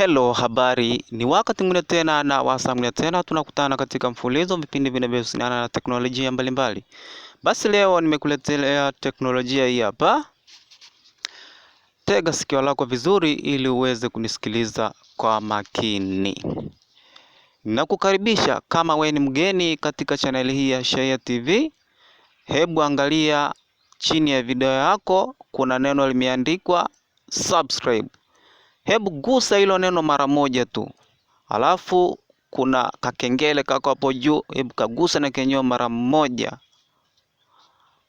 Hello, habari. Ni wakati mwingine tena na wasaa mwingine tena tunakutana katika mfululizo wa vipindi vinavyohusiana na teknolojia mbalimbali mbali. Basi leo nimekuletelea teknolojia hii hapa. Tega sikio lako vizuri ili uweze kunisikiliza kwa makini. Nakukaribisha kama we ni mgeni katika chaneli hii ya Shayia TV. Hebu angalia chini ya video yako kuna neno limeandikwa subscribe. Hebu gusa hilo neno mara moja tu, alafu kuna kakengele kako hapo juu. Hebu kagusa na kenyewe mara moja.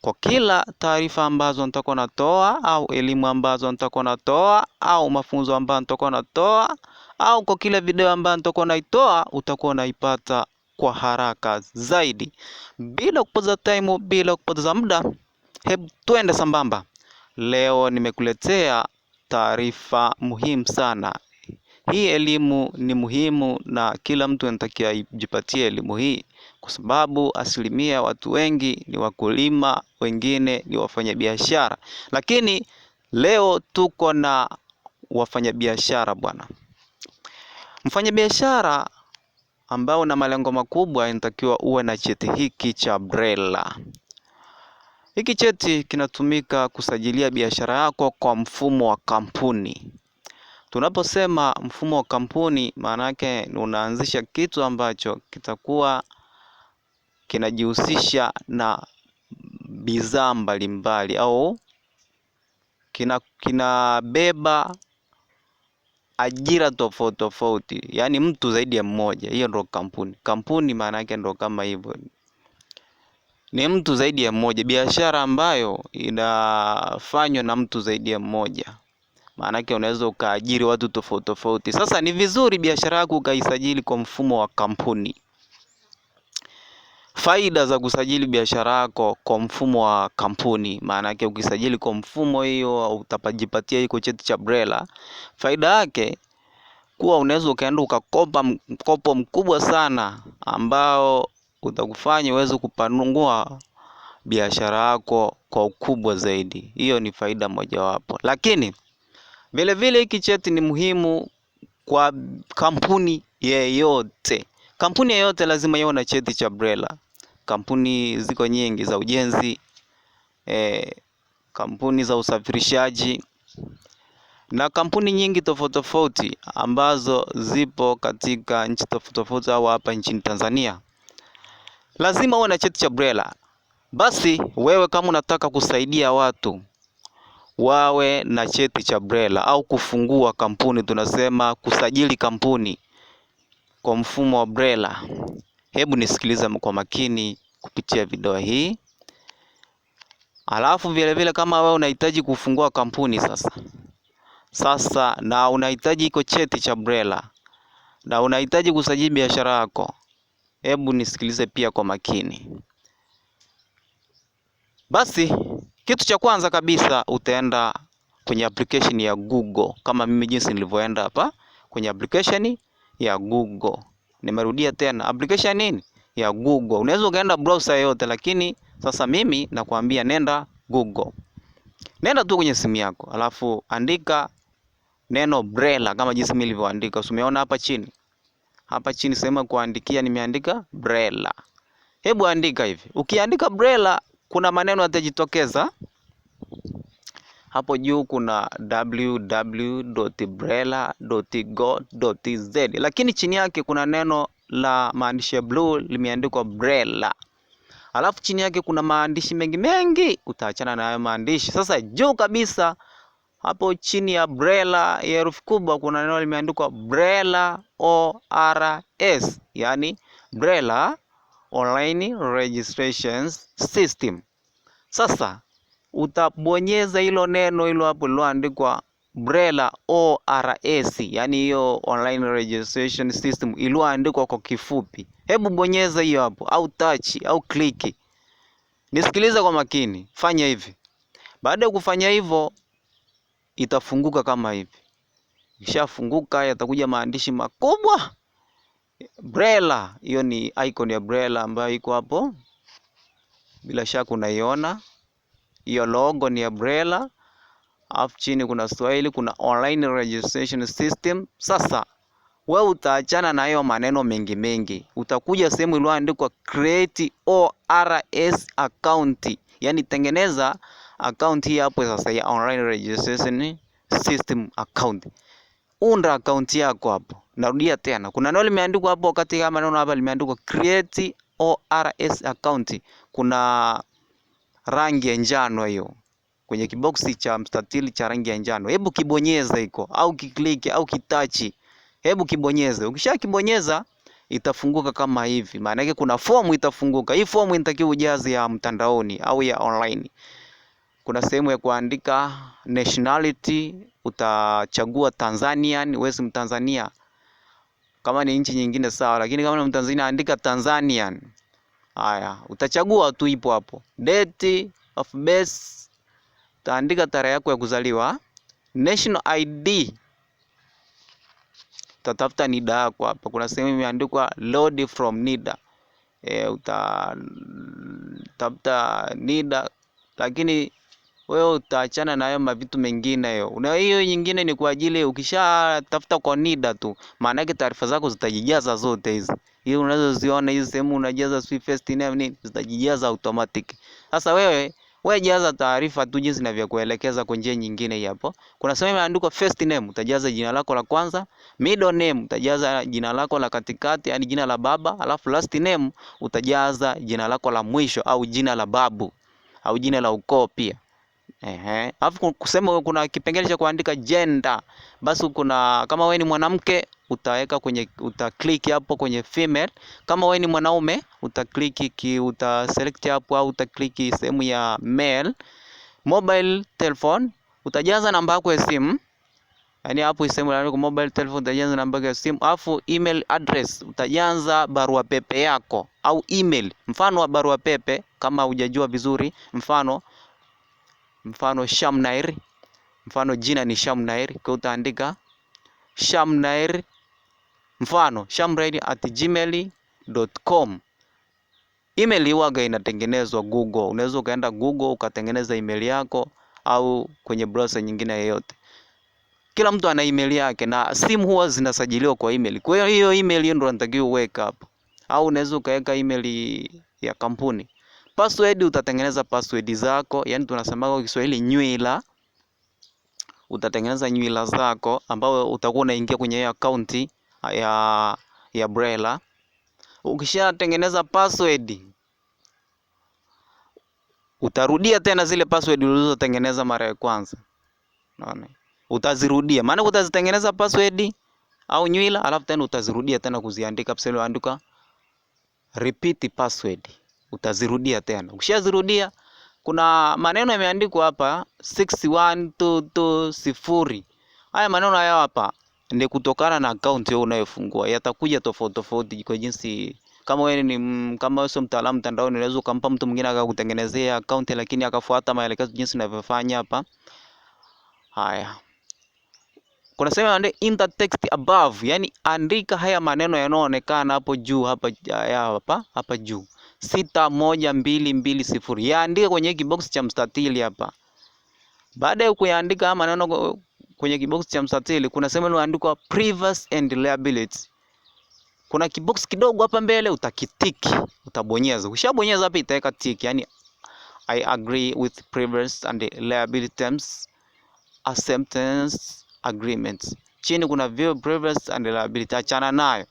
Kwa kila taarifa ambazo nitakuwa natoa au elimu ambazo nitakuwa natoa au mafunzo ambayo nitakuwa natoa au kwa kila video ambayo nitakuwa naitoa, utakuwa unaipata kwa haraka zaidi bila kupoteza time, bila kupoteza muda. Hebu twende sambamba. Leo nimekuletea taarifa muhimu sana. Hii elimu ni muhimu na kila mtu anatakiwa ajipatie elimu hii kwa sababu asilimia watu wengi ni wakulima, wengine ni wafanyabiashara, lakini leo tuko na wafanyabiashara bwana. Mfanyabiashara ambao una malengo makubwa inatakiwa uwe na cheti hiki cha BRELA. Hiki cheti kinatumika kusajilia biashara yako kwa mfumo wa kampuni. Tunaposema mfumo wa kampuni, maana yake unaanzisha kitu ambacho kitakuwa kinajihusisha na bidhaa mbalimbali au kina kinabeba ajira tofauti tofauti, yaani mtu zaidi ya mmoja. Hiyo ndo kampuni. Kampuni maana yake ndo kama hivyo ni mtu zaidi ya mmoja, biashara ambayo inafanywa na mtu zaidi ya mmoja. Maanake unaweza ukaajiri watu tofauti tofauti. Sasa ni vizuri biashara yako ukaisajili kwa mfumo wa kampuni. Faida za kusajili biashara yako kwa mfumo wa kampuni, maanake ukisajili kwa mfumo hiyo utajipatia hiko cheti cha BRELA. Faida yake kuwa unaweza ukaenda ukakopa mkopo mkubwa sana ambao utakufanya uweze kupanungua biashara yako kwa ukubwa zaidi. Hiyo ni faida mojawapo, lakini vile vile hiki cheti ni muhimu kwa kampuni yeyote. Kampuni yeyote lazima iwe na cheti cha BRELA. Kampuni ziko nyingi za ujenzi eh, kampuni za usafirishaji na kampuni nyingi tofauti tofauti ambazo zipo katika nchi tofauti tofauti au hapa nchini Tanzania lazima uwe na cheti cha BRELA. Basi wewe kama unataka kusaidia watu wawe na cheti cha BRELA au kufungua kampuni, tunasema kusajili kampuni kwa mfumo wa BRELA, hebu nisikiliza kwa makini kupitia video hii. Alafu vile vile kama wewe unahitaji kufungua kampuni sasa sasa, na unahitaji iko cheti cha BRELA na unahitaji kusajili biashara yako, Hebu nisikilize pia kwa makini. Basi kitu cha kwanza kabisa utaenda kwenye application ya Google, kama mimi jinsi nilivyoenda hapa kwenye application ya Google. Nimerudia tena application nini? Ya Google. Unaweza ukaenda browser yoyote, lakini sasa mimi nakwambia nenda Google. Nenda tu kwenye simu yako, alafu andika neno Brela kama jinsi mimi nilivyoandika. usimeona hapa chini. Hapa chini sehemu ya kuandikia nimeandika Brela. Hebu andika hivi, ukiandika Brela kuna maneno yatajitokeza. Hapo juu kuna www.brela.go.tz, lakini chini yake kuna neno la maandishi ya bluu limeandikwa Brela, alafu chini yake kuna maandishi mengi mengi, utaachana na hayo maandishi. Sasa juu kabisa hapo chini ya BRELA ya herufi kubwa kuna neno limeandikwa BRELA ORS, yani BRELA Online Registration System. Sasa utabonyeza hilo neno hilo hapo liloandikwa BRELA ORS, yani hiyo Online Registration System iliyoandikwa kwa kifupi. Hebu bonyeza hiyo hapo, au touch au kliki. Nisikilize kwa makini, fanya hivi. Baada ya kufanya hivyo itafunguka kama hivi. ishafunguka yatakuja maandishi makubwa Brela. Hiyo ni icon ya Brela ambayo iko hapo, bila shaka unaiona hiyo logo ni ya Brela. Alafu chini kuna Swahili, kuna online registration system. Sasa we utaachana na hayo maneno mengi mengi, utakuja sehemu iliyoandikwa create ORS account, yaani tengeneza account yako pues sasa ya online registration system account. Unda akaunti yako hapo. Narudia tena. Kuna neno limeandikwa hapo wakati kama neno hapa limeandikwa create ORS account. Kuna rangi ya njano hiyo kwenye kiboksi cha mstatili cha rangi ya njano. Hebu kibonyeza iko au kiklike au kitachi. Hebu kibonyeze. kibonyeza itafunguka kama hivi. Maana yake kuna fomu itafunguka. Hii fomu inatakiwa ujaze ya mtandaoni au ya online kuna sehemu ya kuandika nationality, utachagua Tanzanian, wewe si Mtanzania. Kama ni nchi nyingine sawa, lakini kama ni Mtanzania andika Tanzanian. Haya, utachagua tu, ipo hapo. Date of birth, utaandika tarehe yako ya kuzaliwa. National ID utatafuta NIDA yako hapa, kuna sehemu imeandikwa load from NIDA. E, eh, utatafuta NIDA lakini wewe utaachana na hayo mavitu mengine hiyo. na hiyo nyingine ni kwa ajili ukishatafuta kwa NIDA tu maana yake taarifa zako zitajijaza zote hizi hizi unazoziona hizi sehemu unajaza sijui first name nini zitajijaza automatic sasa wewe wewe jaza taarifa tu jinsi ninavyokuelekeza kwa njia nyingine hapo. Kuna sehemu imeandikwa first name, utajaza jina lako la kwanza, middle name utajaza jina lako la katikati, yani jina la baba, alafu last name utajaza jina lako la mwisho au jina la babu au jina la ukoo pia. Ehe. Alafu kusema kuna kipengele cha kuandika gender. Basi kuna kama wewe ni mwanamke utaweka kwenye uta click hapo kwenye female. Kama wewe ni mwanaume uta click ki uta select hapo au uta click sehemu ya male. Mobile telephone utajaza namba yako ya simu. Yaani hapo sehemu ya mobile telephone utajaza namba yako ya simu. Alafu email address utajaza barua pepe yako au email. Mfano wa barua pepe kama hujajua vizuri mfano mfano Shamnair, mfano jina ni Shamnair, kwa utaandika Shamnair, mfano shamnair@gmail.com. Email iwaga inatengenezwa Google, unaweza ukaenda Google ukatengeneza email yako au kwenye browser nyingine yoyote. Kila mtu ana email yake na simu huwa zinasajiliwa kwa email. Kwa hiyo hiyo email hiyo ndio unatakiwa uweke hapo, au unaweza ukaweka email ya kampuni. Password utatengeneza password zako, yani tunasema kwa Kiswahili nywila. Utatengeneza nywila zako ambao utakuwa unaingia kwenye hiyo account ya ya Brela. Ukishatengeneza password utarudia tena zile password ulizotengeneza mara ya kwanza. Unaona? Utazirudia. Maana utazitengeneza password au nywila alafu tena utazirudia tena kuziandika, andika repeat password utazirudia tena. Ukishazirudia kuna maneno yameandikwa hapa 61220. Haya maneno haya hapa ni kutokana na account yako unayofungua. Yatakuja tofauti tofauti kwa jinsi kama wewe ni kama wewe sio mtaalamu mtandaoni unaweza ukampa mtu mwingine akakutengenezea account lakini akafuata maelekezo jinsi unavyofanya hapa. Haya. Kuna sema ande the text above, yani andika haya maneno yanayoonekana hapo juu hapa hapa hapa juu. 61220. Yaandike kwenye kibox cha mstatili hapa. Baada ya kuyaandika haya maneno kwenye kibox cha mstatili, kuna sehemu iliyoandikwa previous and liability. Kuna kibox kidogo hapa mbele utakitiki, utabonyeza. Ukishabonyeza hapa itaweka tick, yani I agree with previous and liability terms acceptance agreement. Chini kuna view previous and liability, achana nayo.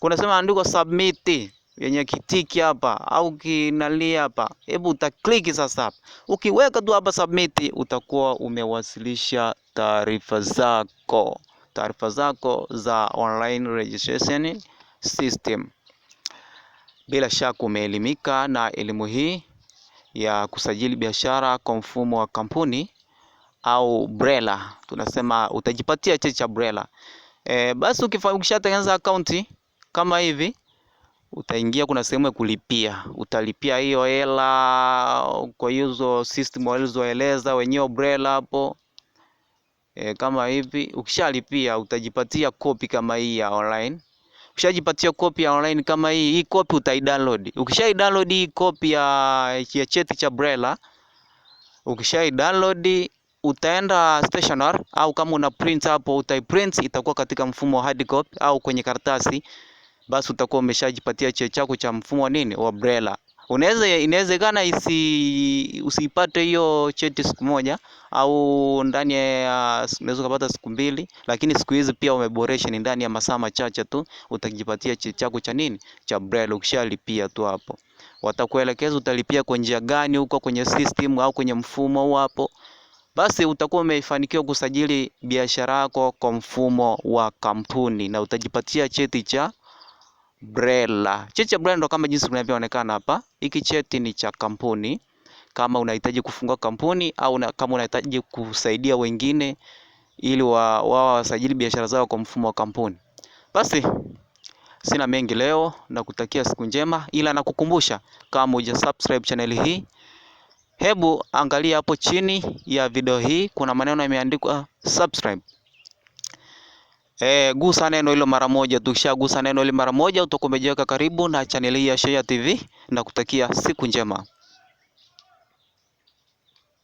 Kuna sehemu iliyoandikwa submit yenye kitiki hapa au kinali hapa, hebu utakliki sasa hapa. Ukiweka tu hapa submit, utakuwa umewasilisha taarifa zako, taarifa zako za online registration system. Bila shaka umeelimika na elimu hii ya kusajili biashara kwa mfumo wa kampuni au BRELA, tunasema utajipatia cheti cha BRELA. E, basi ukishatengeneza akaunti kama hivi utaingia kuna sehemu ya kulipia, utalipia hiyo hela kwa hizo system walizoeleza wenyewe BRELA hapo e, kama hivi. Ukishalipia utajipatia kopi kama hii ya online. Ukishajipatia kopi ya online kama hii, hii kopi utaidownload. Ukishaidownload hii kopi ya, ya cheti cha BRELA, ukishaidownload utaenda stationer, au kama una print hapo utaiprint, itakuwa katika mfumo wa hard copy au kwenye karatasi basi utakuwa umeshajipatia cheo chako cha mfumo nini wa BRELA. Unaweza, inawezekana isi usipate hiyo cheti siku moja au ndani ya unaweza kupata siku mbili, lakini siku hizi pia umeboresha, ni ndani ya masaa machache tu utajipatia cheti chako cha nini cha BRELA. Ukishalipia tu hapo, watakuelekeza utalipia kwa njia gani huko kwenye system au kwenye mfumo huo hapo basi utakuwa umefanikiwa kusajili biashara yako kwa mfumo wa kampuni na utajipatia cheti cha BRELA. Cheti cha BRELA ndo kama jinsi tunavyoonekana hapa. Hiki cheti ni cha kampuni, kama unahitaji kufungua kampuni au una, kama unahitaji kusaidia wengine ili wao wasajili biashara zao kwa mfumo wa kampuni. Basi sina mengi leo, na kutakia siku njema, ila nakukumbusha kama uja subscribe channel hii, hebu angalia hapo chini ya video hii, kuna maneno yameandikwa subscribe. E, gusa neno hilo mara moja. gusa neno hilo mara moja utakuwa umejiweka karibu na chaneli hii ya Shayia TV na kutakia siku njema.